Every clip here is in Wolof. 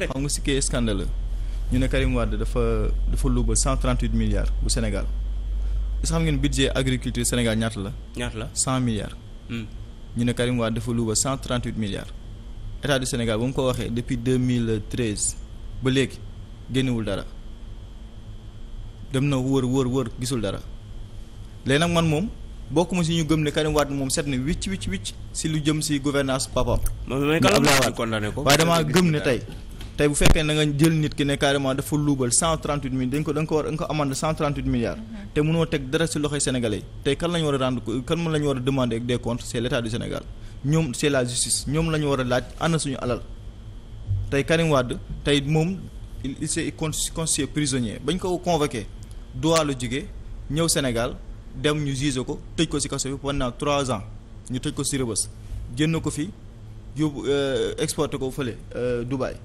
xam nga si kii scandaleux ñu ne Karim Wade dafa dafa luubal cent trente huit milliards bu Sénégal est-ce que xam ngeen budget agriculture Sénégal ñaat la. ñaata la cent milliards. Hmm. ñu ne Karim Wade dafa luubal cent trente huit milliards état du Sénégal ba mu ko waxee depuis deux mille treize ba léegi génnewul dara dem na wër wër wër gisul dara léegi nag man moom. bokkuma si ñu gëm ne Karim Wade moom set na wicc wicc si lu jëm si gouvernance papam waaye damaa gëm ne tey. tey bu fekkee nanga jël nit ki ne carrément dafa luubal cent trente huit mille dañ ko da ko war nga ko amande cent trente huit milliards mm-hmm. te mënoo teg dara ci loxoy sénégalais yi tey kan la war a rendre kan la ñu war a demander des comptes c'est l'état du Sénégal ñoom c'est la justice ñoom la ñu war a laaj ana suñu alal tey Karim Wade tey moom il s'est constitué prisonnier bañ ko convoqué Doha la ñëw Sénégal dem ñu juge ko tëj ko ci kaso bi pendant trois ans ñu tëj ko ci Rebeuss génn ko fi yóbbu euh, exporté ko fële euh, Dubaï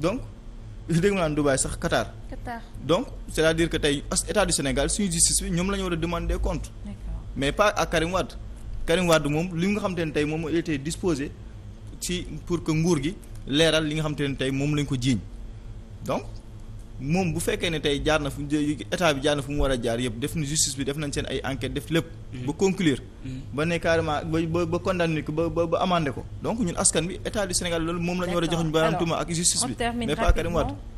donc dégg nga naan Dubaï sax Qatar. Qatar donc c'est-à-dire que tey état du Sénégal suñu justice bi ñoom la ñu war a demander compte. mais pas à Karim Wade. Karim Wade moom li nga xam te ne tey moom moo été disposé ci pour que nguur gi leeral li nga xam te ne tey moom lañ ko jiiñ donc. moom bu fekkee ne tey jaar na fu état bi jaar na fu mu war a jaar yëpp def na justice bi def nañ seen ay enquête def lépp. Mm-hmm. ba conclure. Mm-hmm. ba ne carrément ba ba condamné ko ba ba ba amandé ko donc ñun askan bi état du Sénégal loolu moom la ñu war a jox ñu baaraam tuuma ak justice bi mais pas Karim Wade